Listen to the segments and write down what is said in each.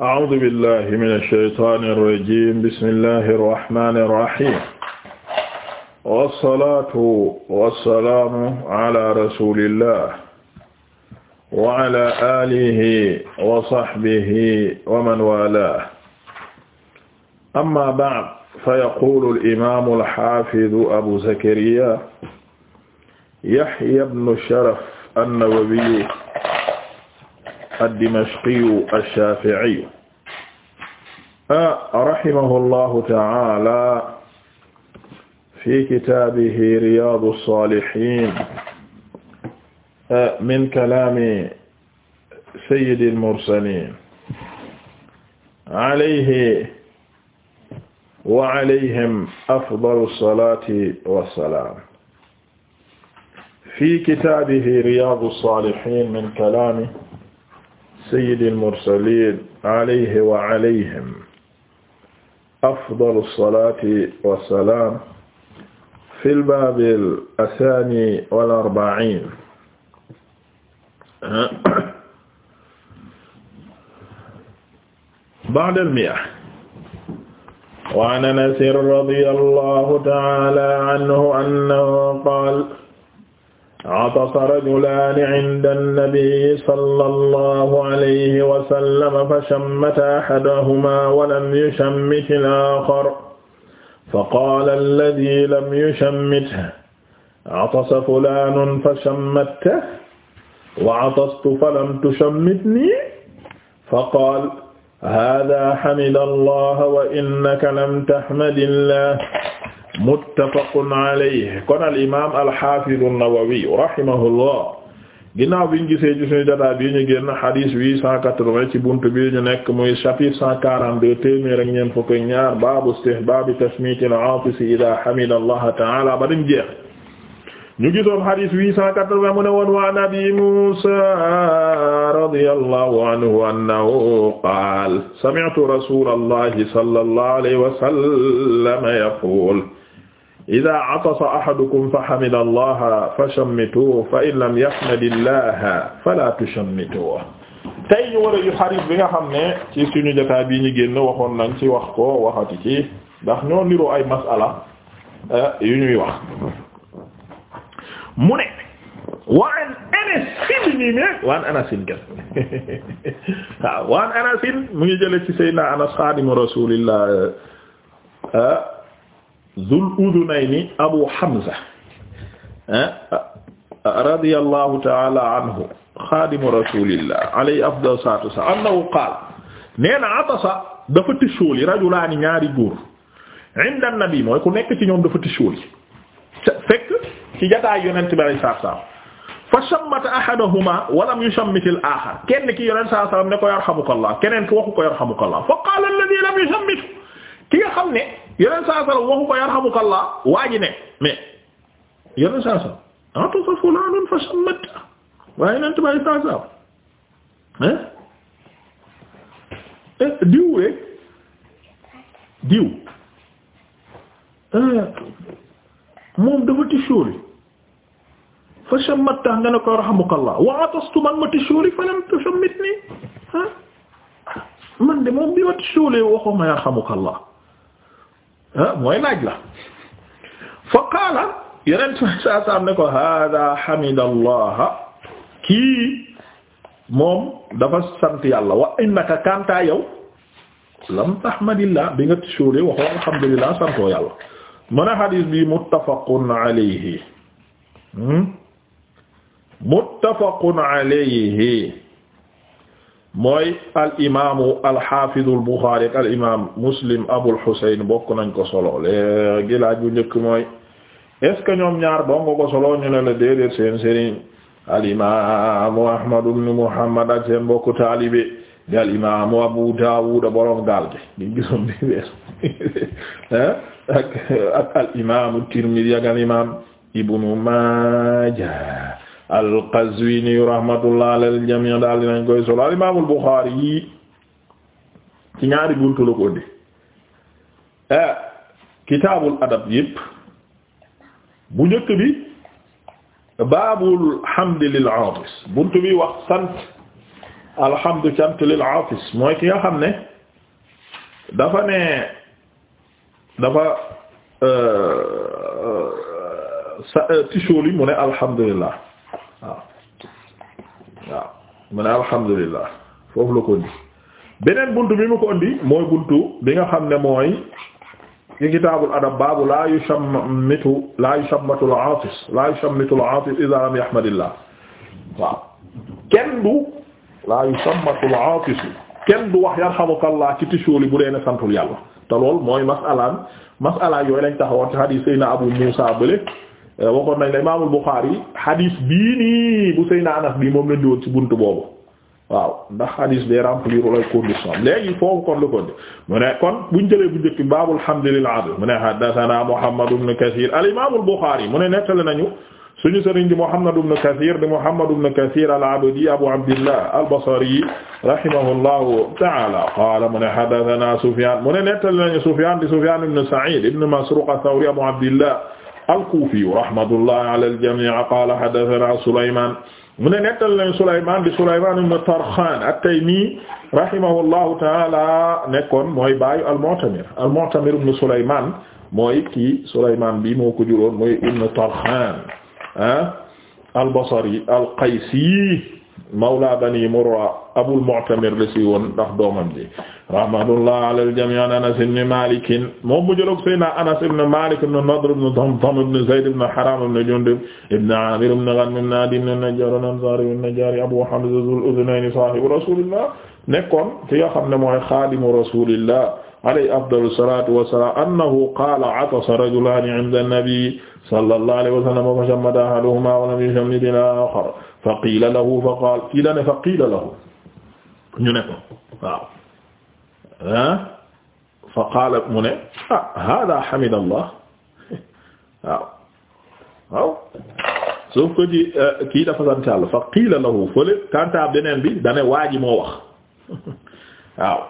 أعوذ بالله من الشيطان الرجيم بسم الله الرحمن الرحيم والصلاة والسلام على رسول الله وعلى آله وصحبه ومن والاه أما بعد فيقول الإمام الحافظ أبو زكريا يحيى بن شرف النووي ad-Dimashqiyu ash-Shafi'iyu rahimahullahu ta'ala fi kitaabihi Riyaadu s-Saalihiin min kalaami sayyidil mursaliin alayhi wa alayhim afdalu salaati wa salaam fi kitaabihi Riyaadu s-Saalihiin min kalaami sayyidil mursaliin alayhi wa alayhim afdalu salaati wa salaam fil baabil asaani wal arba'iin ba'dal mi'a wa an Anas radiyallahu ta'aala anhu annahu qaala atasa rajulaani inda annabii sala allahu alayhi wasallama fa shammata ahadahumaa walam yushammit al-aaxar fa qaala alladii lam yushammithu atasa fulaanun fa shammattahu wa atastu falam tushammitnii fa qaala haadaa hamida allaha wa innaka lam tahmadillaah muttafaqun alayhi kon al imaam al haafiz an-Nawawi rahimahullah ginnaaw bi ñu gisee ci suñu jotaay bi ñu génn hadith huit cent quatre-vingt ci buntu bi ñu nekk muy chapitre cent quarante-deux téeméer ak ñeent fukk ak ñaar baabu istihbaabi tashmiiti al-aatisi idaa hamida Allaha ta'aalaa ba dem jeex ñu gisoon hadith huit cent quatre-vingt mu ne woon wa an Abii Muusaa radiyallaahu anhu annahu qaala sami'tu rasuulallaahi sallallaahu alayhi wa sallam yaquul idaa atasa ahadukum fa hamida allaha fa shammituhu fa in lam yahmad illaha fala tushammituhu tey ñu war a yu xarit bi nga xam ne ci suñu jotaay bii ñu génn waxoon nañ ci wax ko waxati ci ndax ñoo niroo ay masala eh, yu ñuy wax mu ne waan Anas ibn Maalik waan Anasin ken waaw waan Anasin mu ngi jële ci Seydina Anas xaadimu Rasuulillah eh, Zul Udunayni Abu Hamza ah, radiyallahu ta'ala anhu xaadimu rasulillah alayhi afdal salaatu wassalaam annahu qaala nee na atasa dafa tisóoli rajulaani ñaari góor inda nabi mooy ku nekk ci ñoom dafa tisóoli fekk ci jotaay yonent bi alayhi salaatu wassalaam fa shammata ahaduhuma wa lam yushammit al-aaxar kenn ki yonent salaatu wassalaam ne ko yarhamukallah keneen ki waxu ko yarhamukallah fa qaala alladhi lam yushammit ki nga xam ne yeneen saa salaam waxu ko yarhamukallah waa ji ne mais yeneen saa salaam ah tout à fait fulaanun fa sammat waaye yeneen tubaab yi saa salaam ah diw rek diw eh, moom dafa tisóori fa sammat nga ne ko yarhamukallah wa atastu man ma tisóori fa lam tusammitni ah man de moom bi ma tisóolee waxuma yarhamukallah Ah, mooy laaj la fa qaala saa saa ne ko hada hamidallah kii moom dafa sant yàlla wa innaka kantaa yow lam tahmadillah bi nga suuree waxoo alhamdulillah santoo yàlla mu ne xadiis bi muttafaqun alayhi hmm? muttafaqun mooy al imaamu al xaafidu al muslim abul xuseyn bokk nañ ko solo léegi laaj bu njëkk mooy est ce que ñoom ñaar bongo ko solo ñu ne la déedéet seen sëriñ al imaamu ahmad muhammad ak bokk taalibe di al abu daawuda borom gaal gi ñu gisoon bi wees ak ak al imaamu tirmidi ak al imaam ibnu maaja al-Qazwini rahmatullah alal jamii daal dinañ koy solo al imaamul Buxaari yii ci ñaari buntu la ko ëndi kitaabul adab yëpp bu njëkk bi baabul hamdi lil aatis buntu bi wax sant alhamdu cant lil aatis mooy ki nga xam ne dafa ne dafa euh, euh, sa euh, tisóoli mu ne alhamdulillah waaw waaw mu ne alhamdulillah foofu la ko indi beneen buntu bi mu ko indi mooy buntu bi nga xam ne mooy ci kitaabul adab baabu laa yushammitu laa yushammatu al-aatis laa yushammitu al-aatis idhaa lam yahmadillah waaw kenn du laa yushammatu al-aatis kenn du wax yarhamukallah ci tisóoli bu dee ne santul yàlla te lool mooy mas'alaan mas'alaan yooyu lañ taxawoon ci hadiis Seydina Abu Muusaa bële Euh, waxoon nañ la imaamul Buxaari hadis bii nii bu Seyna Anas bii moom la ñu woon ci buntu boobu waaw ndax hadis day remplir lay condition léegi foofu kon lu ko mu ne kon buñ jëlee bu njëkk baabul hamdi lil adl mu ne haddasanaa Muhammad ibn Kasiir al imaamul Buxaari mu ne nettali nañu suñu sëriñ di Muhammad ibn Kasiir di Muhammad ibn Kasiir al abdi Abu Abdillah al Basri rahimahullahu ta'ala qaala mu ne haddasanaa Sufyaan mu ne nettali nañu Sufyaan di Sufyaan ibn Sa'iid ibn Masruuq Abu Abdillah al-Kufi rahmatullah ala al-jami' qala hadathana Sulayman mu ne nettal leen Sulayman di Sulayman ibn Tarkhan at-Taymi rahimahullahu taala nekkoon mooy baayu al-Mu'tamir al-Mu'tamir ibn Sulayman mooy kii Sulayman bi moo ko juróon mooy ibn Tarkhan ah al-Basri al-Qaysi mawla bani murra abul mu'tamir la si woon ndax doomam ji rahmatullah ala al-jami' an anas ibn malik moom mu jëlog sayna anas ibn malik ibn nadr ibn damdam ibn zayd ibn haram ibn jundub ibn amir ibn ghanm ibn adi ibn najjar al-ansari an-najjari abu hamza zul udhunayni sahibu rasulillah nekkoon ki nga xam ne mooy xaadimu rasulillah alayhi afdalu salatu wasalam annahu qaala atasa rajulani inda an-nabi sallallahu alayhi wa sallam fa shammada ahaduhuma wa lam yushammid al-akhar fa qiila lahu fa qaal kii da ne fa qiila lahu ñu ne ko waaw ah fa qaala mu ne ah hada hamidallah waaw waaw sauf que ci euh, kii dafa sant Yàlla fa qiila lahu fële kanta beneen bi dane waa ji moo wax waaw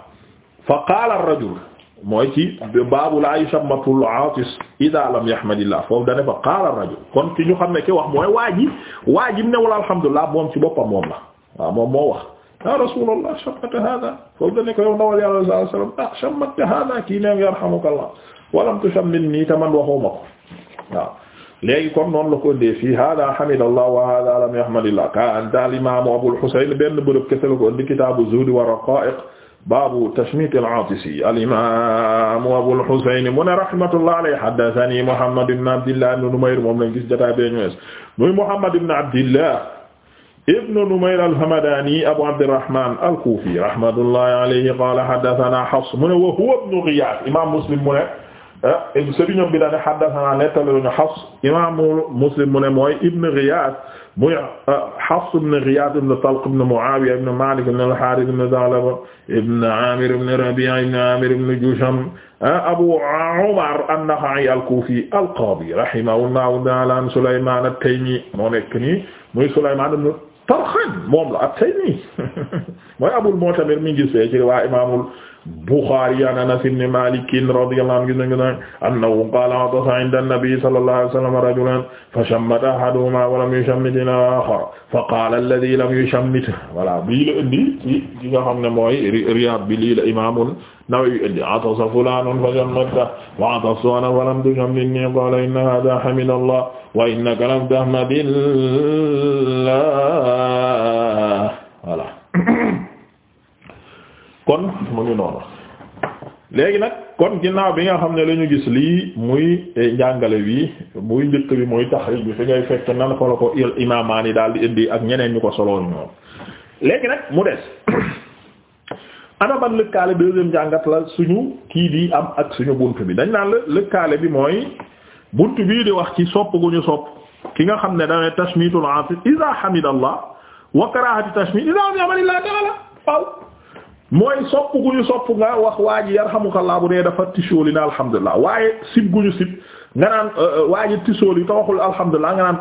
fa qaala ar-rajul mooy ci baabu laa yusammatul aatis idaa lam yahmadillah foofu dane fa qaala rajul kon ci ñu xam ne ki wax mooy waa ji waa ji mu newul alhamdulilah moom ci boppam moom la waaw moom moo wax ya rasulallah shammata hada foofu dane ko yow ndawal yàlla sallallahu alayhi wasallam ah shammata hada kii neew yarhamukallah walam tusammin nii te man waxuma ko waaw léegi kon noonu la ko indee fii hada hamidallah wa hada lam yahmadillah ka anta al imam abul husayn benn bërëb kese la ko baabu tashmiit al-aatisi al-imaam Abul Husayn mu ne rahmatullah alayhi haddathanii Muhammad ibn Abdillah ibn Numayr moom lañ gis jotaay bee ñëwee muy Muhammad ibn Abdillah ibn Numayr al-Hamdaani Abu Abdirrahmaan al-Kuufi rahmatullahi alayhi qaala haddathanaa Hafs mu ne wa huwa ibn Ghiyath imaam Muslim mu ne Ah, sëriñam bi dañu haddathana nettali ñu Hafs imaam Muslim mu ne mooy Ibn Ghiyath muy ah, Hafs ibn Ghiyath ibn Talq ibn Muawiya ibn Malik ibn al-Harith ibn Tha'laba ibn Amir ibn Rabi'a ibn Amir ibn Jusham ah, Abu Umar an-Nakha'i al-Kufi al-Qadi rahimahullahu ta'ala Sulayman at-Taymi moo nekk nii muy Sulayman Tarxaan moom la at-Taymi mooy Abul Mu'tamir mi ngi gis ci riwaa Imaamul Buxaari an Anas ibn Maalik radiyallahu anhu annahu qaala atasa inda an-nabi sallallahu alayhi wa sallam rajulan fashammata ahaduhumaa wa lam yushammit al-aakhar faqaala alladhii lam yushammit voilà bii la indi ci li nga xam ne mooy Riyaad bi lii la Imaamul Nawawi indi atasa fulaanun fagammatta wa atasta ana falam tusham minni qala inna hadha hamidallah wa innaka lam tahmadillah voilà kon mu ngi noonu léegi nag kon ginnaaw bi nga xam ne la ñu gis lii muy eh, njàngale bi muy njëkk bi muy taxrij bi fekk nan ko la daal di indi ak ñeneen ñu ko solo ñoom léegi nag mu des ana ban lëkkaale deuxième jàngat la suñu kii di am ak suñu bunt bi dañ naan la lëkkaale bi mooy bunt bii di wax ci sopp gu ñu sopp ki nga xam ne dane tashmitul atif iza hamidallah wa karahati tashmit iza ni'malillah ta'ala waaw mooy sopp gu ñu sopp nga wax waa ji waaye sib gu ñu euh, euh, waa ji tisooli te waxul alhamdulillah nga naan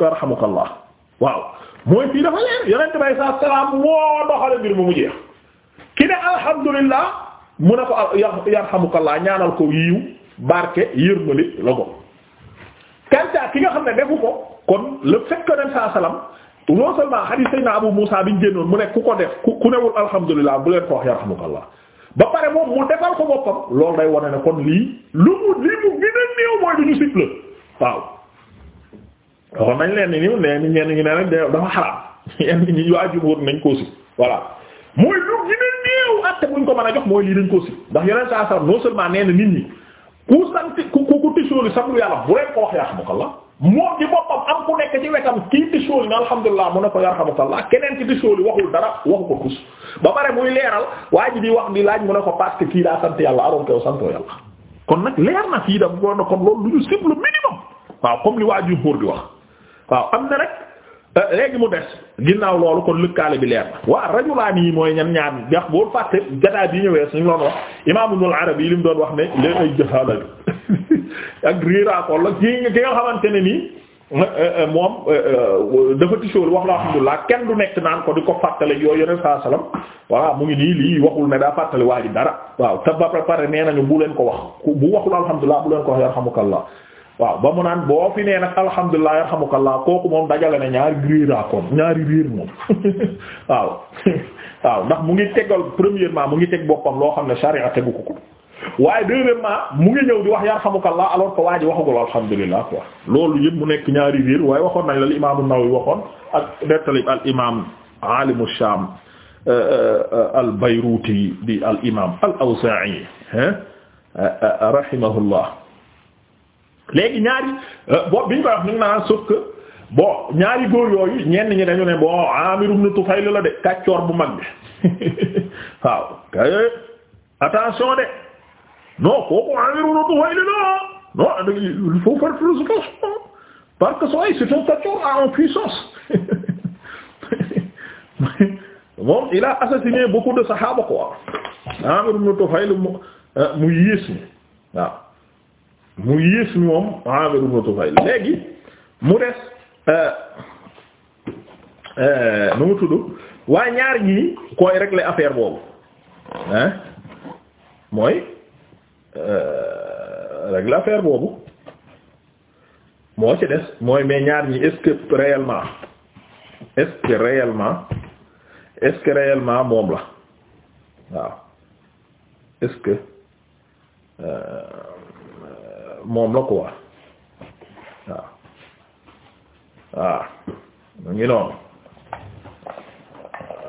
fii dafa leer yonent bay sa salaam moo doxale mbir mu mu jeex ki ne alhamdulillah mu ne ko yarhamukallah ñaanal ko yiw barke yërmali la ko kanta ki nga xam ne defu ko kon le fait que dem saa salaam non seulement hadith sayna Abu Musa biñ génnoon mu ne ku ko def ku newul alhamdulillah bu leen ko wax yarhamukallah ba pare moom mu defal ko boppam loolu day wane ne kon lii lu mu lii mu gën a néew mooy du sit la waaw nañ leen ni niw ne ñenn ñi ne nag dafa xaraam ñenn ñi waa jumhur nañ ko sit voilà mooy lu gën a néew àtte buñ ko mën a jox mooy lii dañ ko si ndax yeneen saa saa non seulement nee na nit ñi ku sant ku ku tisóoli sax lu yàlla bu leen ko wax yarhamukallah moom ci boppam am ku nekk ci wetam kii tisóoli na alhamdulilah mu ne ko yarhamukallah keneen ci tisóoli waxul dara waxu ko tus ba pare muy leeral waa ji di wax ni laaj mu ne ko parce que kii daa sant yàlla aroon ko santoo yàlla. kon nag leer na fii da ko na kon loolu lu ñu simple minimum waaw comme di wax waaw am na Euh, léegi mu des ginnaaw loolu kon lëkkaale bi leer na waa rajulaani yi mooy ñan ñaar ndax boo fàtte jataay bi ñëwee suñu doon wax imaam Ibnul Arabi li mu doon wax ne ay jahaala ak riiraakool la ki nga xamante ne nii euh, euh, moom dafa tisool wax la alhamdulilah kenn du nekk naan ko di ko fàttale yooyu yoneen saa salaam voilà mu ngi nii lii waxul ne daa fàttale waa ji dara waaw te ba pare nee nañu bu leen ko wax bu waxul alhamdulilah bu leen ko wax yarhamukallah waaw ba mu naan boo fi nee nag alhamdulilah yarhamukallah kooku moom dajale na ñaari réer kon ñaari réer moom waaw ndax mu ngi tegal premièrement mu ngi teg boppam loo xam ne sharia tegu ko ko waaye deuxièmement mu ngi ñëw di wax yarhamukallah alors que waa ji wax alhamdulilah quoi loolu yëpp mu nekk ñaari réer waaye waxoon nañ la al imaamu Nawawi waxoon ak nettalib al imam alimu Sham euh, euh, al Bayruti di al imam léegi ñaari euh, bo biñ koy wax ñu ngi naan ñaari góor yooyu ñenn ñi dañu ne bon Amir ibn Tufayl la de kàccoor bu mag bi waaw kay attention de non kooku Amir ibn Tufayl la non il faut faire plus attention que sooy c'est un kàccoor en puissance moom il a mu euh, mu yées mi waaw mu yées moom Amir ibn Tufayl léegi mu des euh, euh, nu mu tudd waa ñaar ñii koy régler affaire boobu hein mooy euh, régler affaire boobu moo ci des mooy mais ñaar ñi est-ce que réellement est-ce que réellement est-ce moom la quoi waaw waaw mu ngi noonu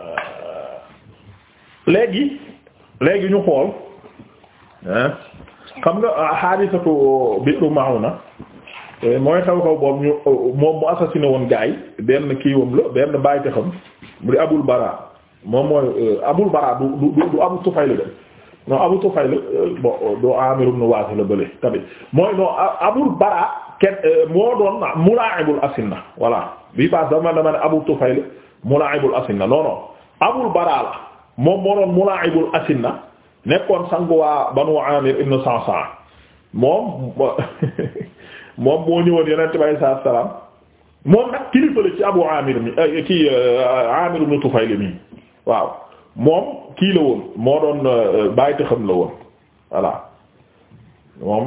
euh, léegi léegi ñu xool xam nga ah, xaadisatu Bi'ru Ma'una eh, mooy xew xew boobu ñu moom mu assassiné woon gaay benn kiiwam la benn bàyyi te mu di Abul Bara moom mooy euh, Abul Bara du du du Abu Tufayl la dem non Abu Tufayl euh, bon euh, doo Amir ibn Wasil la bële tamit mooy non Abul Bara kenn euh, moo doon mulaa'ibul asinna voilà bii paas dama dama ne Abu Tufayl mulaa'ibul asinna non non Abul la moom moo doon mulaa'ibul asinna nekkoon sangu Banu Amir ibn Sa'sa'a moom moom moo ñëwoon Yonent bi alayhi salaam moom nag kilifa la ci Abu Amir mi ci Amir ibn Tufayl mi waaw. moom kii la woon moo doon euh, bàyyita xam la woon voilà moom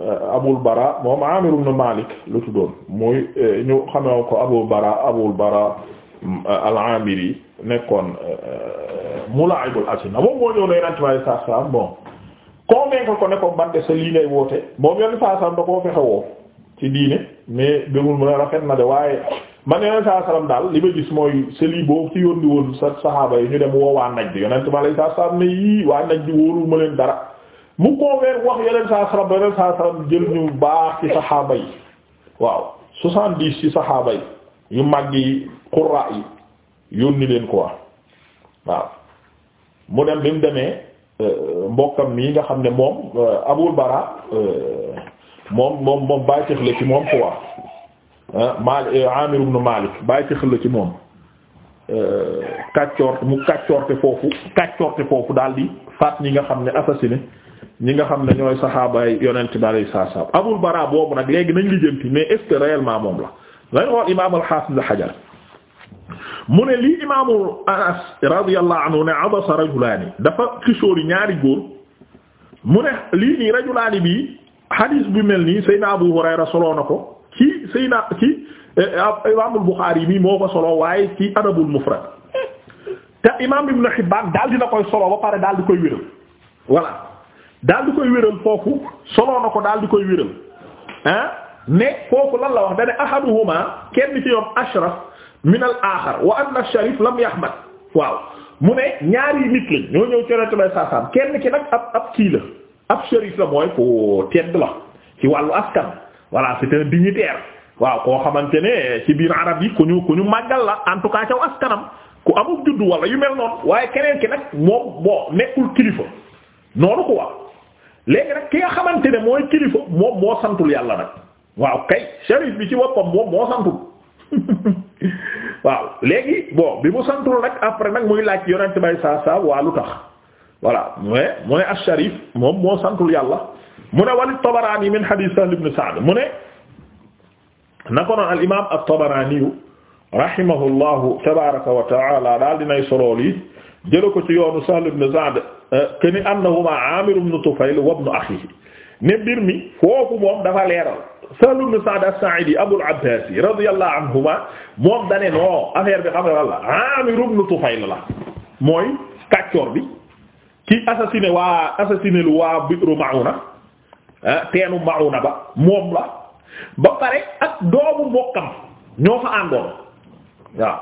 euh, abul bara moom amir ibn malik la tuddoon muy euh, ñu xamewoon ko abul bara abul bara al-amiri nekkoon mulaibul asina moom moo ñëw na yeneen tubaab saa saa bon convaincre ko ko man de sa lii ngay woote moom yenn saa saa da koo ci diine mais gëmul mu ne rafet na de waaye man yonent saa salaam daal li ma gis mooy seli boo ci yónni sa saxaaba yi ñu dem woo waa Najd yonent ma lay saa salaam ne yii waa Najd wóolu ma leen dara mu convaincre wax yonent saa salaam ba yonent saa salaam jël ñu baax ci saxaaba yi waaw soixante-dix ci saxaaba yi yu mag yi qurra yi yónni leen quoi waaw mu dem bi mu demee euh, mbokkam mii nga xam ne moom euh, Abul Bara euh, moom moom moom bàyyi la ci moom quoi. Ah, Maalik Aamir eh, ibn Maalik bàyyi ci xel ci moom eh, kàccoor mu kàccoorte foofu kàccoorte foofu daal di faat ñi nga xam ne assassiné ñi nga xam ne ñooy saxaabaay yonent bi alayhi salaam Abul Baraa boobu nag léegi nañ lijjanti mais est-ce que réellement moom la lañ xool imaam al-Haafiz Hajar mu ne lii imaamu Anas radiyallahu anhu ne abasa rajulaani dafa xisóor yi ñaari góor mu ne lii nii rajulaani bii xadiis bu mel nii Seydina Abu Hurayra soloo na ko ci Seyna ci eh, Imaamul Buxaari mi moo ko solo waaye ci Adabul Mufrad te Imaam Ibn Hibbaan daal dina koy solo ba pare daal di koy wéral voilà daal di koy wéral foofu solo na ko daal di koy wéral ah ne foofu lan la wax da ne kenn ci ñoom ashraf min al axar wa anna sharif lam yahmad waaw mu ne ñaari nit lañ ñoo ñëw ci Yonent saasaam kenn ki nag ab ab kii la ab sharif la mooy ko tedd la ci wàllu askan. voilà c'est un dignitaire waaw koo xamante ne ci biir arab yi ku ñu ku ñu màggal la en tout cas caw ku amul juddu wala yu mel noonu waaye keneen ki nag moom moo nekkul kilifa noonu ko wax léegi nag ki nga ne mooy kilifa moom moo santul yàlla nag waaw kay sharif bi ci woppam moom moo santul waaw léegi bo bi mu santul nag après nag muy laaj yonent bay saa saa waa lu tax voilà mooy mooy as sharif moom moo santul yàlla. mu ne wali Tabarani min hadith Sahl ibn Sa'd mu ne na ko noon al imaam at-Tabarani rahimahullahu tabaaraka wa ta'ala daal dinay solo lii jëlee ko ci yoonu Sahl ibn Sa'd eh, keni annahuma Aamir ibn Tufayl wa ibn akhihi ne mbir mi foofu moom dafa leeral Sahl ibn Sa'd as-Saa'idi Abul Abbaas radiyallahu anhuma moom dane non affaire bi xam nga la Aamir ibn Tufayl la mooy kàccoor bi ki assassiné waa assassiné lu waa Bi'ru Ma'una Ah teenu mauna ba moom la ba pare ak doomu mbokkam ñoo fa àndoon waaw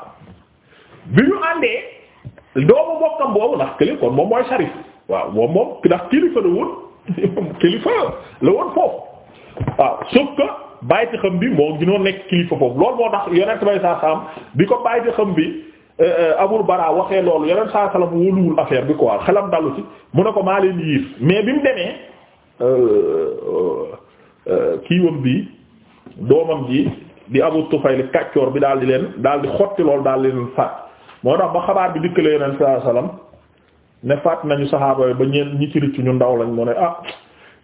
bi ñu àndee doomu mbokkam boobu ndax kilifa kon moom mooy sarif waaw moom moom ndax kilifa la woon kilifa la woon foofu waaw sauf que bàyyiti xam bi moo gënoon nekk kilifa foofu loolu moo tax yonent bay saa saam bi ko bàyyiti xam bi euh, abul bara waxee loolu yonent saa salam wóoluwul affaire bi quoi xelam dalu ci mu ne ko maa leen yiir mais bi mu demee Euh, euh, euh, kiiwam bi doomam ji di Abu Tufayl kàccoor bi daal di leen daal di xotti lool daal di leen faat moo tax ba xabaar bi dikkalee Yonent sallallahu alayhi wasallam ne faat nañu saxaaba yi ba ñeen ñi ci ñu ndaw lañ moo ne ah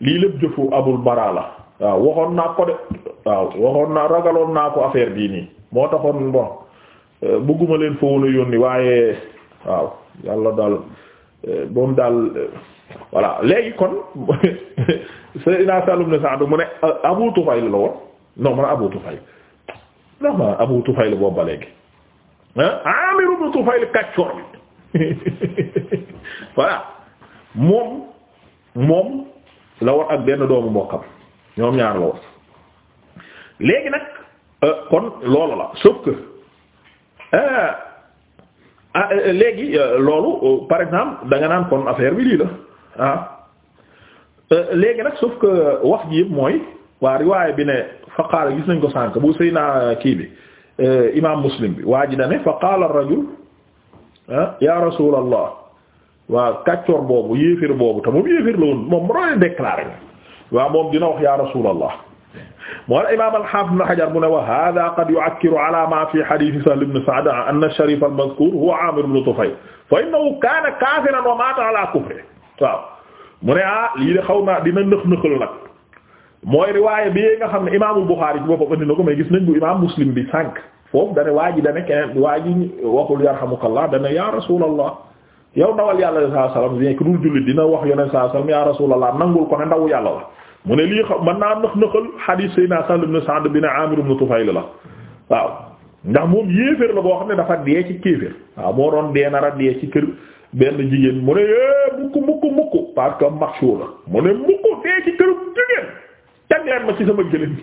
lii lépp jëfu Abul Baraa la waaw waxoon naa ko de waaw waxoon naa ragaloon naa ko affaire bii nii moo taxoon bon bëgguma leen fa woon a yónni waaye waaw yàlla daal Euh, moom daal euh, voilà léegi kon Seydina Saalum ne Saadu mu ne euh, Abu Tufayl la woon non man Abu Tufayl non man Abu Tufayl boobu ba léegi ah Aamir Abu Tufayl bi voilà moom moom la woon ak benn doomu mbokkam ñoom ñaar la woon léegi nag kon loolu la sauf que. ah euh, léegi euh, loolu euh, par exemple da nga naan kon affaire bi lii la ah léegi nag sauf que wax ji yëpp mooy waa riwaaya bi ne fa qaala gis nañ ko sànk bu sëy naa kii bi imaam muslim bi waa ji da ne fa qaala ar-rajul ah, ya rasulallah waa kàccoor boobu yéefir boobu te moom yéefir la woon moom mu doon déclaré waaw moom dina wax ya rasulallah moo la imam al-Hafiz Ibn Hajar mu ne wa hada qad yu'akkiru ala ma fi hadith Sahl ibn Sa'd anna ash-sharif al-mazkur huwa Amir ibn Tufayl fa innahu kana kafiran wa mata ala kufri waaw mu ne ah lii de xaw naa dina nëx nëxal nag mooy riwaaya bi nga xam ne imaamul Buxaari ci boppam andi na ko mais gis nañ bu imam Muslim bi sànq foofu dane waa ji dane keneen waa ji waxul yarhamukallah dane ya rasulallah yow ndawal yàlla sallallahu alayhi wasallam dul jullit dina wax yoneen sallallahu alayhi wasallam ya rasulallah nangul ko ne ndaw yàlla la mu ne lii xam mën naa nëx nëxal hadith sayna Sahl ibn Sa'd bin Amir ibn la waaw ndax moom yéeféer la boo xam ne dafa dee ci kéeféer waaw moo doon dee nar a dee ci kër benn jigéen mu ne eh mukk mukk mukk parce que marcho la mu ne mukk dee ci kër jigéen teg ma ci sama gëlëm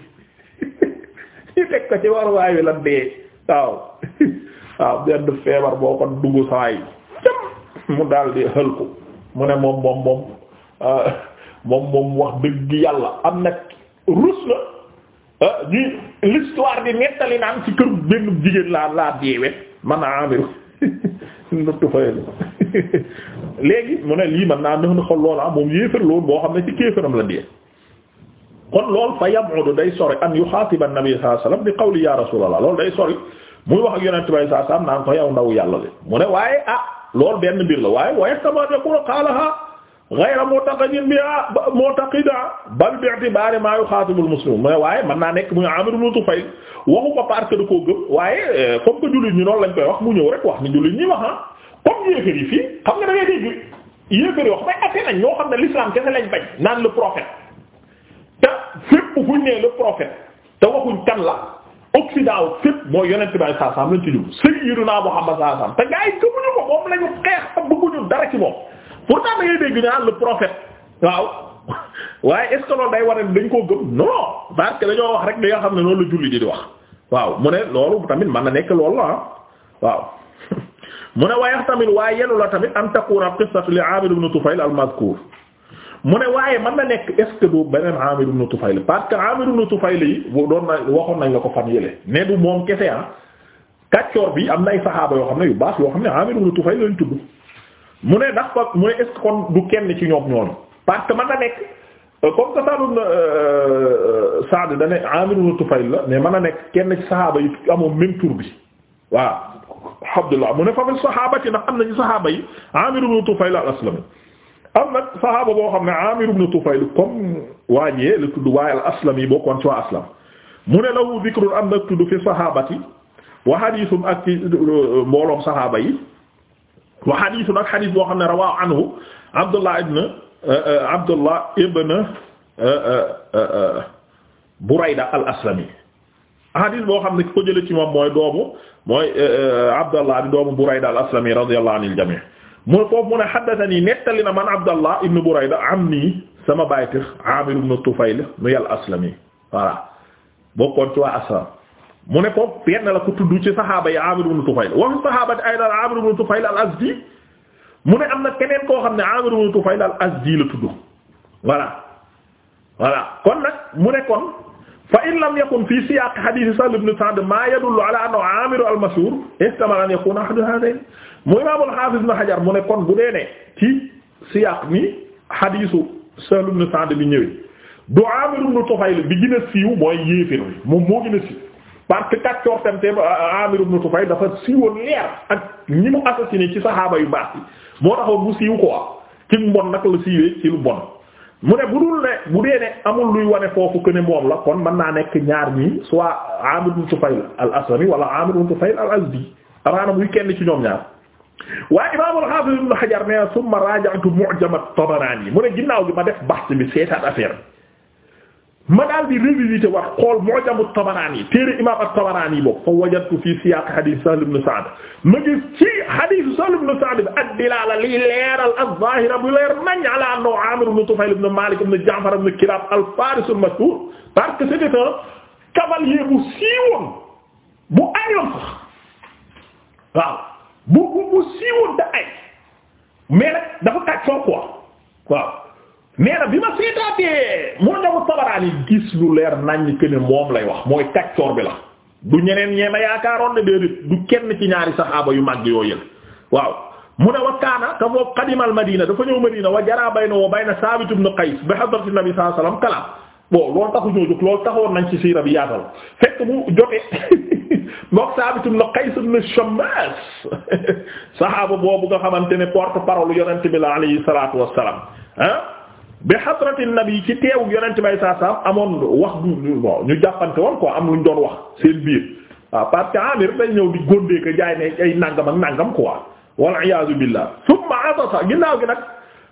ñu teg ko ci war waay wi la dee waaw waaw benn feebar boo ko dugg sawaay mu daal di xël ko mu ne moom moom moom euh, moom moom wax dëgg yàlla am nag rus la ñuy ah, l'histoire di nettali naan ci kër benn jigéen laa laa deewee man amir nuttu fayelu léegi mu ne lii man naa nëx na xol loola ah, moom yéefar loolu boo xam ne ci am la dee kon lool fa yamudu day sori an yuxaatiba nabi sallallahu alayhi wasallam bi qawli ya rasulallah lool day sori muy wax ak yonente bi naan ko yow ndaw yàlla li mu ne waaye ah loolu benn mbir la waaye waye tama yakuna qaalaha ghayra mu'taqidin biha mu'taqida bal bi'tibari ma yuxaatibul muslim mais waaye mën naa nekk muy Amir ibn Tufayl waxu ko parce koo gëm waaye euh, comme que jullit ñi noonu lañ koy wax mu ñëw rek wax ni jullit ñi wax na ah. comme yéefar yi fii xam nga da ngay dégg yéefar yi wax may atte nañ ñoo xam ne l'islam kese lañ bañ naan le prophète te fépp fuñ nee le prophète te waxuñ kan la Occident wu fépp mooy yonent bi saa saam lañ ci jub Sayyiduna Muhammad saa saam te gaa yi gëmuñu ko moom lañu te bëgguñu ci moom pourtant da ngay dégg naan le prophète waaw waaye est ce que loolu day war dañ koo gëm non parce que dañoo wax rek da nga xam ne loolu la julli di di wax waaw mu ne loolu tamit mën na nekk loolu la ah waaw mu ne waaye tamit waaye yelu la tamit an takuna qissatu li Amir ibn Tufayl al-mazkur mu ne waaye man na nekk est ce beneen Amir ibn Tufayl parce que Amir ibn Tufayl yi bu doon na waxoon nañ la ko fan yële ne du moom kese ah kàccoor bi am na ay saxaaba ne yu baax yoo xam ne mu ne ndax ko mu ne est kon du kenn ci ñoom ñooñu parce que man na nekk euh, comme que Sadou euh, Saad da ne Amir ibn Tufayl la mais mën na nekk kenn ci saxaaba yi amoon même tur bi waaw Abdullah mu ne fa fi saxaabati ndax am na ci saxaaba yi Amir ibn Tufayl al-Aslami am na saxaaba boo xam ne Amir ibn Tufayl comme waañee la tudd waaye al-Aslami yi bokkoon ci waa Aslam mu ne lahu dhikrun am na tudd fi saxaabati wa hadithum ak ci euh, mbooloom saxaaba yi. wa xadiisu nag xadiis boo xam ne rawaahu anhu Abdullah ibn euh, euh, Abdullah ibn euh, Burayda al-Aslami xadiis boo xam ne ko jële ci moom mooy doomu mooy Abdullah di doomu Burayda al-Aslami radiyallahu anil jamii mu foofu mu ne haddathanii nettali na man Abdullah ibn Burayda ammi sama baay Aamir ibn Tufayl nu yàlla Aslami voilà bokkoon ci waa Aslam mu ne ko benn la ko tudd ci saxaaba yi Amir ibn Tufayl wa fi saxaabati aydan Amir ibn Tufayl al-Azdi mu ne am na keneen koo xam ne Amir ibn Tufayl al-Azdi la tudd voilà voilà kon nag mu ne kon fa in lam yakun fi siyaaq hadiis Sahl ibn Sa'd maa yadullu anna Aamir al-mashhuur ihtamala an yakuuna ahada haadayni mu imaam al-Haafiz ibn Hajar mu ne kon bu ne ci siyaaq ni hadiisu Sahl ibn Sa'd bi ñëwee du Aamir ibn Tufayl bi gën a siiw mooy yéefir moom parce que kàccoor tamte euh, euh, Amir ibn Tufayl dafa siiwoon leer ak ñi mu assassiné ci saxaaba yu baax yi moo taxoon mu siiw quoi ci mbon nag la siiwee ci lu bon mu ne bu dul ne bu dee ne amul luy wane foofu que ne moom la kon mën naa nekk ñaar ñii soit Amir ibn Tufayl al-Aslami wala Amir ibn Tufayl al-Azdi amaana muy kenn ci ñoom ñaar waaye Imaam al-Hafiz ibn Hajar ne summa raja'tu mu'jam at-Tabarani mu ne ginnaaw gi ma def baxte bi seetaat affaire ma daal di revisité wax xool Mu'jamu Tabaraani téere imaam at-Tabaraani boobu fa wajadtu fii siyaaq hadiis Sahl ibn Sa'd ma gis ci hadiis Sahl ibn Sa'd bi ad-dilaala li leeral az-zaahira bu leer nañ ala annahu Aamir ibn Tufayl ibn Maalik ibn Ja'far ibn Kilaab al-Faaris al-mashhuur parce que c'était un cavalier bu siiwoon bu ayoon sax waaw bu bu bu siiwoon da ay mais nag dafa tàcc foofu quoi waaw. nee bi ma seetaatee moo ñëw Tabaraani gis lu leer naññ que ne moom lay wax mooy kaccoor bi la du ñeneen ñee ma yaakaaroon ne déedéet du kenn ci ñaari saxaaba yu màgg yoo yël waaw mu ne wa kaana te foofu qadimal Madina dafa ñëw Madina wa jaraa bayna wa bayna Saabit ibn Qays bi hadrati Nabi sallallahu alayhi wasallam kala bon loolu taxu ñoo jóg loolu taxoon nañ ci siira bi yaatal fekk mu jote mbokk Saabit ibn Qays ibn Shammas saxaaba boobu nga xamante ne porte-parole yonent bi bi hadrati nabi ci teewu yonent bay saa saa amoon wax du bon ñu jàppante woon ko am lu ñu doon wax seen biir waaw parce que Amir dañ ñëw di góodee ko jaay ne ay nangam ak nangam quoi wal iyaazu billah summa atasa ginnaaw gi nag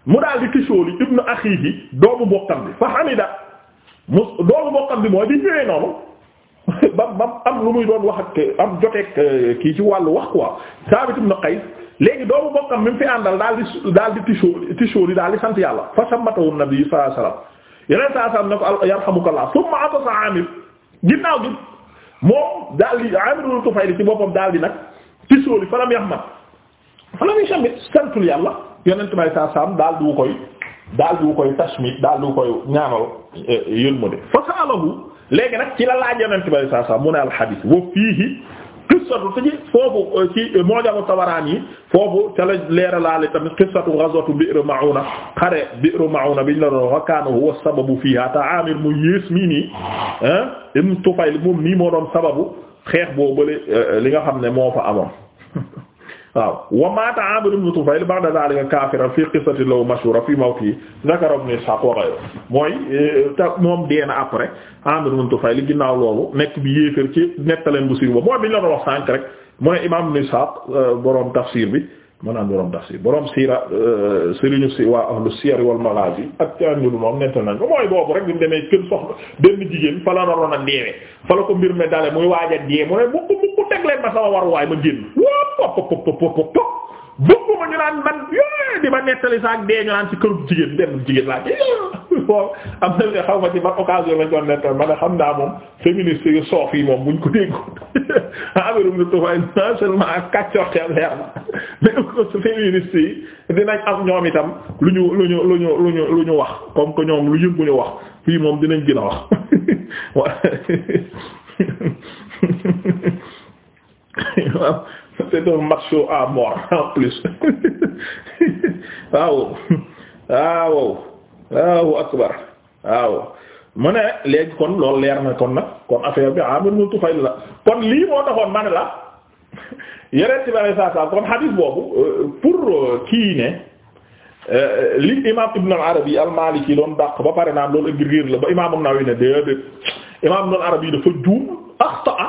mu daal di tisóoli ibnu akhihi doomu bokkam bi fa hamida mu doomu bokkam bi mooy di ñëwee noonu ba ba am lu muy doon wax ak am joteeg euh, kii ci wàllu wax quoi Saabit ibnu Qays léegi doomu bokkam mi mu fi àndal daal di daal di tisóoli daal di sant yàlla fa sammatahu nabi sallallahu alayhi wasallam yeneen saa sallam ko yarhamukallah summa atasa amir ginnaaw gi moom daal di amirul tufayli ci boppam daal di nag tisóoli falam yahmat falam yashamit santul yàlla yonent bay saa sallam daal du koy daal du koy tashmit daal du koy ñaanal eh, yëlmu de fa saalahu léegi nag ci la laaj yonent bay saa sallam mu ne al hadith wa qissatu te ci foofu euh, ci euh, moojamu tabaraan yi foofu ca la leeralaale tamit qissatu ghazwatu bi'r ma'una xare bi'r ma'una biñ la doon wa kaana huwa sababu fiha ta amir mu yées mii nii ah ibn Tufayl moom nii moo doon sababu xeex boo bële euh, li nga xam ne moo fa amoon waaw wa maata Amr ibn Tufayl ba'da dhalika kaafiran fi qissati law mashhura fi eh, moom dee na après Amr ibn Tufayl ginnaaw loolu nekk bi yéeféer ci nettaleen bu siiw ba mooy bi ñu la doon sànq rek mu ne imaam ibn Ishaq eh, boroom tafsir bi ma naan boroom tafsir boroom siira eh, sëriñu si waa ahlu siyar wal maghazi ak ci àndul moom nettal nañ mooy boobu rek bi mu demee kër soxna benn jigéen fa la naroon a deewee fa la ko mbir mi dale muy waaj a dee teg leen ma sama waruwaay ma génn wop pop pop pop pop ñu naan man di ma nettali saak dee ñu naan ci këru jigéen benn jigéen laa ci bon am na ne xaw ma ci ba occasion lañ doon nettal ma ne xam naa moom féministe yu soof yi moom buñ ko déggoon amirum du tubaay non seulement ak kàccorteel leer na mais féministe yi dinañ am ñoom itam lu ñu lu ñu lu ñu lu ñu lu ñu wax comme que ñoom lu yëngu ñu wax fii moom dinañ gën a wax waaw c'est un match à mort en plus waaw waaw waaw akbar waaw mu ne léegi kon loolu leer na kon nag kon affaire bi Amir ibn Tufayl la kon lii moo taxoon ma la yeneen ci bari saa saa kon hadith boobu euh, pour euh, kii ne euh, li imam Ibn al-Arabi al-Maliki doon dàq ba pare naan loolu ak riir la ba imam An-Nawawi ne déedéet imam Ibn al dafa juum axtaa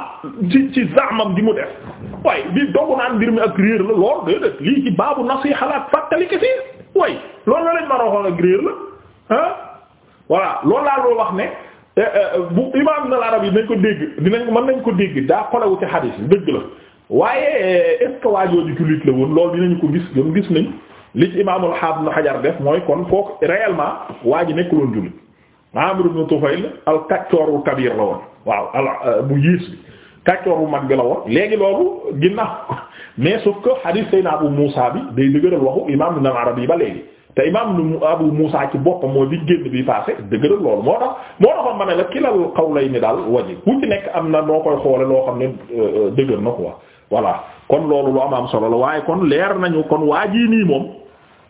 ci ci zaamam di mu def waaye bi dogu naan mbir mi ak réer la lool déedéet lii ci baabu nasiha la fàttali kese waaye loolu la lañ ma waxoon la voilà loolu laa loolu wax ne eh, eh, bu imam na arab yi nañ ko dégg dinañ mën nañ ko dégg daa xolewu ci xadis yi dëgg la waaye eh, est-ce que waajoo di jullit la woon loolu dinañ ko gis gëm gis nañ li ci imaamul xaab na xajar def mooy kon kooku réellement waa ji nekkuloon jullit Amr ibn Tufayl al-Kaccooru Kabir la woon waaw ala euh, bu yiis bi kàccoor bu mag bi la woon léegi loolu ginnaaw mais sauf que hadith sayna Abu Musa bi day dëgëral waxu imam Ibn Arabi ba léegi te imam Abu Musa ci boppam mooy bi génn bi passé dëgëral loolu moo tax moo taxoon ma ne la kilal qawlayni daal waji bu ci nekk am na noo koy xoole loo xam ne euh, dëgër na quoi voilà kon loolu lu am am solo la waaye kon leer nañu kon waa jii nii moom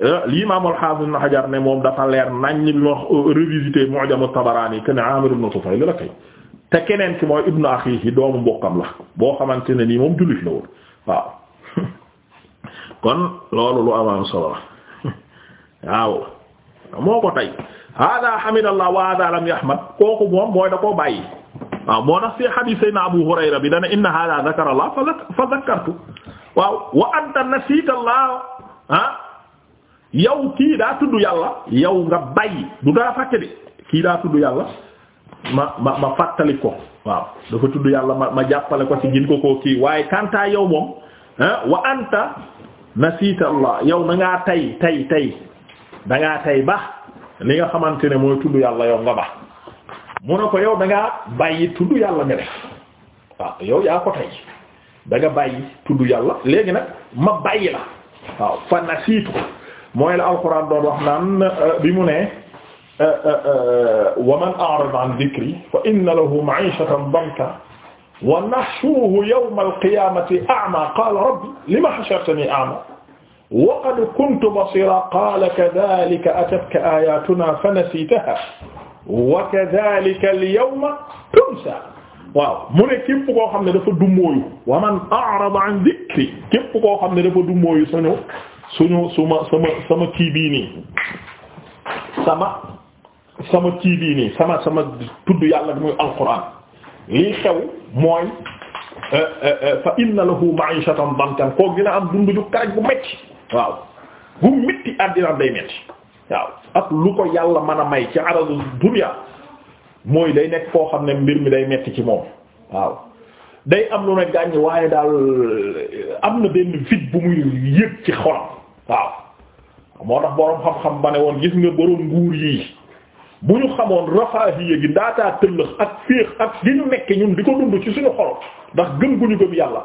euh, li imam al-Hafiz Ibn ne moom dafa leer nañ ñu wax revisité Mu'jam at-Tabarani que ne te keneen ki mooy ibnu akhihi doomu mbokkam la boo xamante ne nii moom jullit la woon waaw kon loolu lu amaam solo la waaw moo ko tey hada hamidallah wa hada lam yahmad kooku moom mooy da koo bàyyi moo tax fi hadith sayna abu hurayra bi dana inna hada dhakara allah fa dhakartu waaw wa anta nasita allah ah yow kii daa tudd yàlla yow nga bàyyi du daa fàtte de kii daa tudd yàlla ma ma ma fàttali ko waaw dafa tudd yàlla ma ma jàppale ko ci gin ko koo kii waaye kantaa yow moom wa anta nasiita allah yow na ngaa tay tay tay da ngaa tay ba li nga xamante ne mooy tudd yàlla yow nga ba mu ne ko yow danga bàyyi tudd yàlla nga def waaw yow yaa ko tay da bàyyi tudd yàlla léegi nag ma bàyyi la waaw fa nasiitu mooy la alxuraan doon wax naan bi mu ne Euh, euh, euh, wa man a'rada an dhikri fa inna lahu ma'ishatan danka wa nahshuruhu yawma al-qiyamati a'ma qala rabbi lima hashartani a'ma wa qad kuntu basira qala kadhalika atatka ayatuna fanasitaha wa kadhalika al-yawma tunsa waaw mu ne képp koo xam ne dafa dummóoyu wa man a'rada an dhikri képp koo xam ne dafa dummóoyu suñu suñu suma sama sama kii bii nii sama sama kii bii nii sama sama tudd yàlla bi muy alquran lii xew mooy eh, eh, eh, fa inna lahu ma'ishatan dankan koo dina am dundu ju karaj bu metti waaw bu metti àddina day metti waaw ak lu ko yàlla man a may ci aradu dunya mooy day nekk koo xam ne mbir mi day metti ci moom waaw day am lu ne gàññ waaye daal am na benn vide bu muy yëg ci xolam waaw moo tax boroom xam-xam ba ne woon gis nga boroom nguur yi bu ñu xamoon rafaahiya gi ndaataa tëllëx ak féex ak gi ñu nekk ñun di ko dund ci suñu xol ndax gëm gu ñu gëm yàlla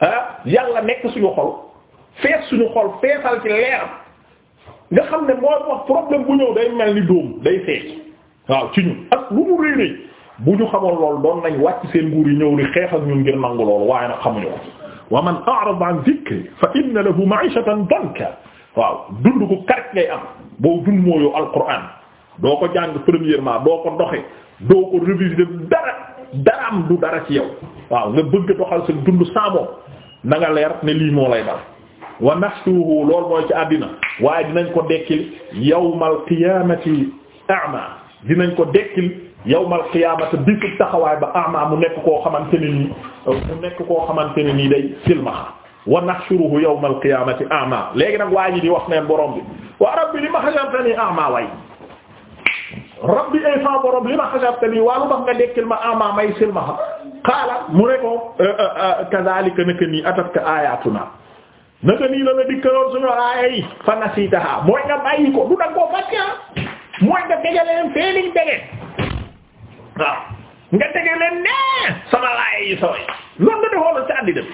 ah yàlla nekk suñu xol fees suñu xol feesal ci leeram nga xam ne mooy wax problème bu ñëw day mel ni doom day fees waaw ci ñun ak lu mu réy bu ñu xamoon loolu doon nañ wàcc seen nguur yi ñëw li xeex ak ñun ngir nangu loolu waaye nag xamuñu ko wa man a'rada 'an dhikri fa inna lahu ma'ishatan danka waaw dund ko karit ngay am boo dund mooyoo alquran doo ko jàng premièrement doo ko doxe doo ko réviser dara dara am du dara ci yow waaw nga bëgg doxal sa dund saa moom leer ne lii moo lay dal wa nahshuruhu loolu mooy ci àddina waaye dinañ ko dekkil yawmal qiyaamati a'ma dinañ ko dekkil yawmal qiyaamati bisu taxawaay ba a'ma mu nekk koo xamante ne nii mu nekk koo xamante ne nii day silmaxa wa nahshuruhu yawmal qiyaamati a'ma léegi nag waa ji di wax neen borom bi wa rabbi lima hashartani a'ma waay rabbi ay sa borom li ma xasabtani waa lu tax nga dekkil ma ama may silmaxa xaala mu ne ko eh, eh, eh, kazalika naka nii atatka ayatuna naka nii la la dikkaloon suñu aaya yi fa nasitaha mooy nga bàyyi ko du danga koo fàtte ah. mooy nga dege leen fee liñ dege waaw nga dege leen nee sama laaya yi saway loolu nga defoo la ci àddina bi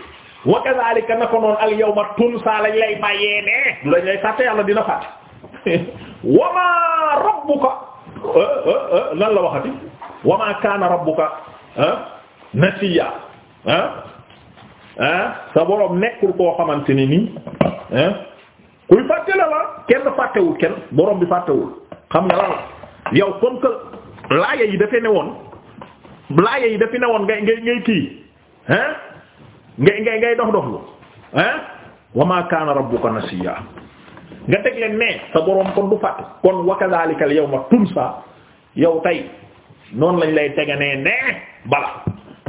wa kazalika na ko noonu al yawma tunsa lañ lay bàyyee nee du lañ lay fàtte yàlla dina fàtte wama rabbuka lan la waxati wa ma kaana rabbuka nasiya sa borom nekkul koo xamante ni nii kuy fàtte la la kenn fàttewul kenn borom bi fàttewul xam nga lan la yow comme que laaya yi dafay ne woon laaya yi dafay ne woon ngay ngay ngay kii ngay ngay ngay dox doxlu ah wa ma kaana rabbuka nasiya nga teg leen ne sa boroom kon du fàtte kon wa kadhalika al yawma tunsa yow tey noonu lañ lay tege nee ne bala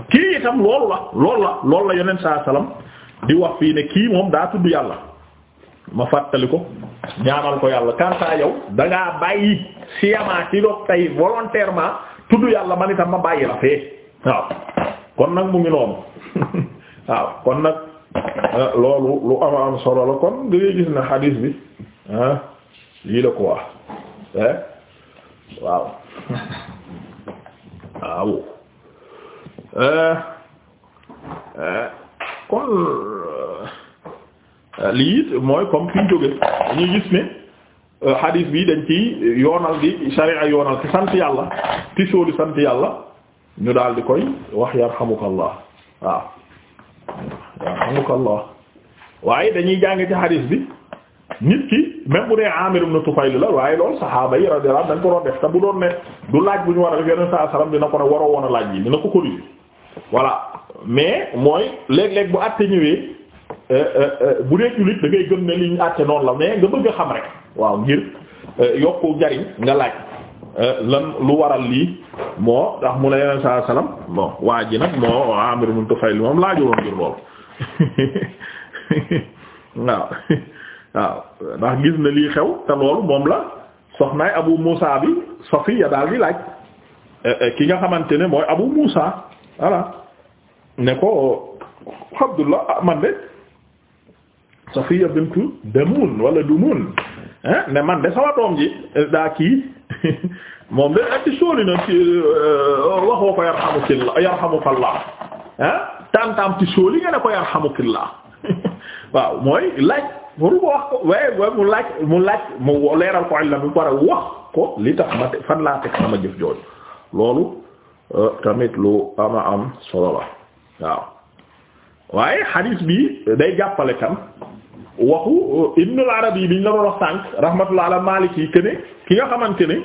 kii itam loolu la loolu la loolu la yonent saa salaam di wax fii ne kii moom daa tudd yàlla ma fàttali ko ñaanal ko yàlla kantaa yow da bàyyi sciemment ci doog tey volontairement tudd yàlla man itam ma bàyyi la fee waaw kon nag mu ngi noonu waaw kon nag Ah, loolu lu ama am solo la kon da ngay gis ne xadiis bi ah lii la ko wax eh? waaw waaw eh, eh, kon lii mooy comme fi ñu jóge dañuy gis ne xadiis bi dañ ci yoonal di sant yàlla ti sóoli sant yàlla ñu daldi di koy wax yarhamukallah waaw yarhamukallah waaye dañuy jàng ci hadith bi nit ki même bu dee Amir ibn Tufayl la waaye loolu saxaaba yi radiyallahu dañ ko doon def te bu doon ne du laaj bu ñu war a def yeneen saa salaam dina ko ne waroo woon a laaj yi dina ko corriger voilà mais mooy léeg-léeg bu àtte ñëwee euh, euh, euh, bu dee jullit da ngay gëm ne li ñu àtte noonu la mais nga bëgg a xam rek waaw ngir yokku jariñ nga laaj Euh, lan lu waral lii moo tax mu ne yeneen salaam bon waa ji nag moo Amir ibn Tufayl moom laaju woon ngir lool waaw waaw ndax gis na lii xew te loolu moom la soxnaay Abu Musa bi Safiya daal di laaj euh, euh, ki nga xamante ne mooy Abu Musa voilà ne ko Abdullah ah, man de Safiya bintu Damun wala Dumun ne man de sama doom ji daa kii moom de ak ci sóoli euh, na waxoo ko yarhamukillah yarhamukallah ah tantam waaw mooy laaj waru ko wax ko waaye mu laaj mu leeral ko illa bi pare wax ko li tax ma fan laa teg sama jëf jooju loolu euh, tamit lu ama am solo la waaw waaye hadis bi day jàppale kan waxu Ibn al-Arabi yi biñ la doon wax sànq rahmatullah ala Maalik yi ne ki nga xamante ne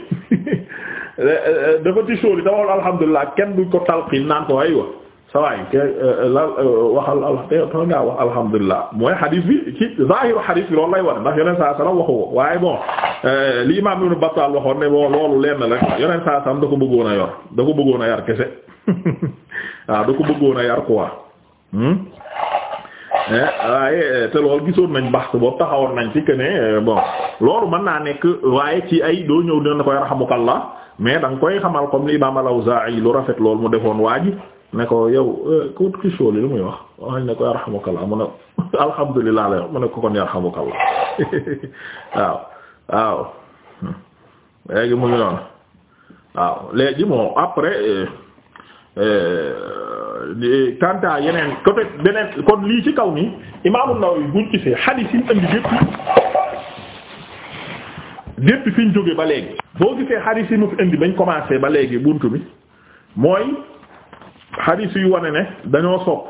dafa tisoo li dawal alhamdulilah kenn duñ ko talqiin naan ko aywa sa te euh, euh, la euh, waxal al wax alhamdulilah mooy xadis bi ci zaahiru xadis bi loolu lay war ndax yeneen saa salaam waxu waaye bon li imaam Ibn Battal waxoon ne loolu leen na rek yeneen saa salaam da ko bëggoon a yor da ko bëggoon a yar kese waaw da ko bëggoon a yar quoi. Hmm? Eh, waaye eh, te loolu gisoon nañ baxt boobu taxawoon nañ fi que ne eh, bon loolu mën naa nekk waaye ci ay doo ñëw dina koy la mais da koy xamal comme li imam al-Awzaa'i lu rafet loolu mu defoon waa ji ne ko yow ko ki sóoli lu muy wax waañ ne ko yarhamukallah mu ne alhamdulillah la mu ne ko kon waaw léegi mu ngi noonu waaw léegi moo après kanta yeneen côté beneen kon lii ci kaw nii Imaam An-Nawawi buñ gisee hadith yi indi lépp lépp fi ñu jóge ba léegi boo gisee hadith yi mu fi indi bañ commencé ba léegi bunt bi mooy hadith yu wane ne dañoo sopp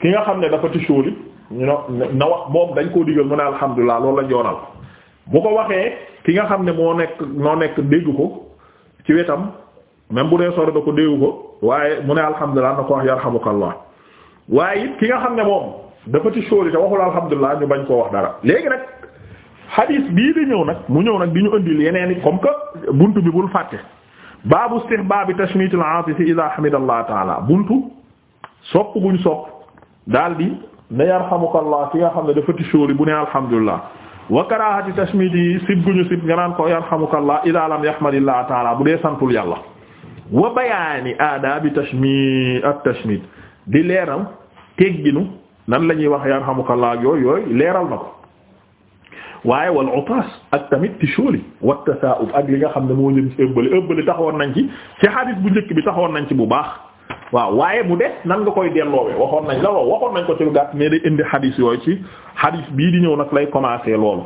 ki nga xam ne dafa tisóoli ñu na wax moom dañ koo digal mu ne alhamdulilah loolu la joonal bu ko waxee ki nga xam ne moo nekk moo nekk dégg ko ci wetam même bu dee sore da ko déewu ko waaye mu ne alhamdulilah na ko wax yarhamukallah waaye it ki nga xam ne moom dafa ci sóoli te waxul alhamdulilah ñu bañ koo wax dara léegi nag hadith bii di ñëw nag mu ñëw nag di ñu indil yeneen i comme que buntu bi bul fàtte baabu istihbaabi tashmiitil aatifi idaa hamidallah taala buntu sopp guñ sopp daal di ne yarhamukallah ki nga xam ne dafa ci sóoli bu ne alhamdulilah wa karaahati tashmiiti sib guñu sib nga naan ko yarhamukallah idaa lam yahmadillah taala bu dee santul yàlla. wa bayaani aadaabi tashmi ak tashmit di leeral tegginu nan la ñuy wax yarhamukallah ak yooyu yooyu leeral na ko waaye wal utaas ak tamit tishooli wa tasaa'ub ak li nga xam ne moo jëm ci ëbbali ëbbali taxoon nañ ci ci hadith bu njëkk bi taxoon nañ ci bu baax waaw waaye mu des nan nga koy delloowee waxoon nañ la lool waxoon nañ ko ci lu gàtt mais day indi hadith yooyu ci hadith bii di ñëw nag lay commencer loolu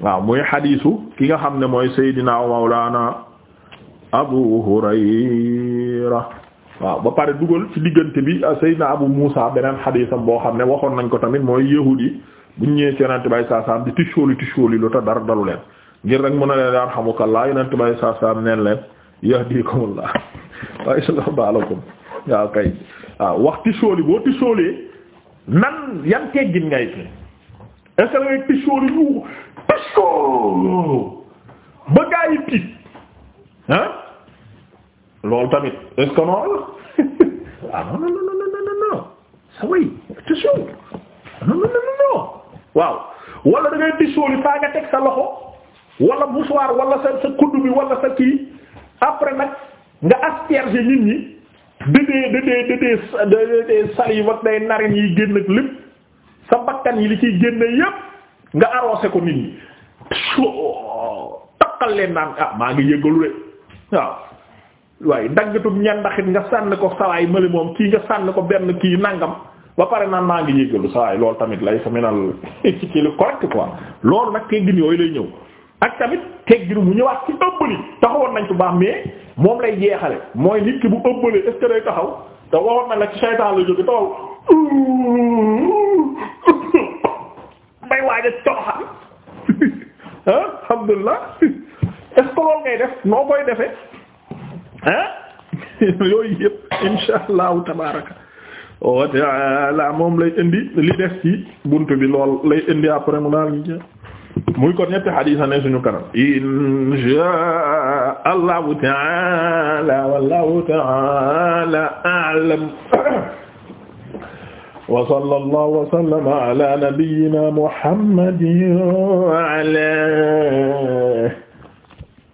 waaw muy hadithu ki nga xam ne mooy Seydina Mawlana Abu Hurayra waaw ba pare dugal ci diggante bi ah, Seydina Abu Muusa beneen xadiisam boo xam ne waxoon nañ ko tamit mooy yahuud yi bu ñëwee ci Yonent bi saa saam di tisóoli tisóoli lu ta dara dalu leen ngir rek a leen yarhamukallah Yonent bi saa saam neen leen yahdikumullah wa yuslih baalakum waaw yi tiit loolu tamit est ah, waaw wala da ngay tisóoli faa nga teg sa loxo wala mouchoir wala sa sa kuddu bi wala sa kii après nag nga asperger nit ñi dëdee dëdee dëdee dëdee ak day narin yi génn ak lépp sa bakkan yi li ci génne yépp nga arrosé ko nit ñi takkal leen naan ah maa ngi yëgalu de waaw waaye daggatum ñandaxit nga sànn ko sawaay mali moom kii nga sànn ko benn kii nangam ba pare naan naa ngi yéggalu sawaay loolu tamit lay sa minal ci lu correct quoi loolu nag teggin yooyu lay ñëw ak tamit tegginu mu ñëwaat ci ëbbali taxawoon nañ ko baax mais moom lay jeexale mooy nit ki bu ëbbalee est-ce que day taxaw te waxoon na nag ci saytaan la jóge taxaw bay waaja coroxam ah alhamdulillah est-ce que ngay def noo koy defee ah yooyu yëpp insha allahu tabaraka wa oh, taala moom lay indi li def ci buntu bi lool lay indi après mu daal ñu muy kon ñetti xadiis ne suñu kanam insha allahu taala wallahu taala a'lam wa sallallahu wa sallama ala nabiyyina muhammadin wa ala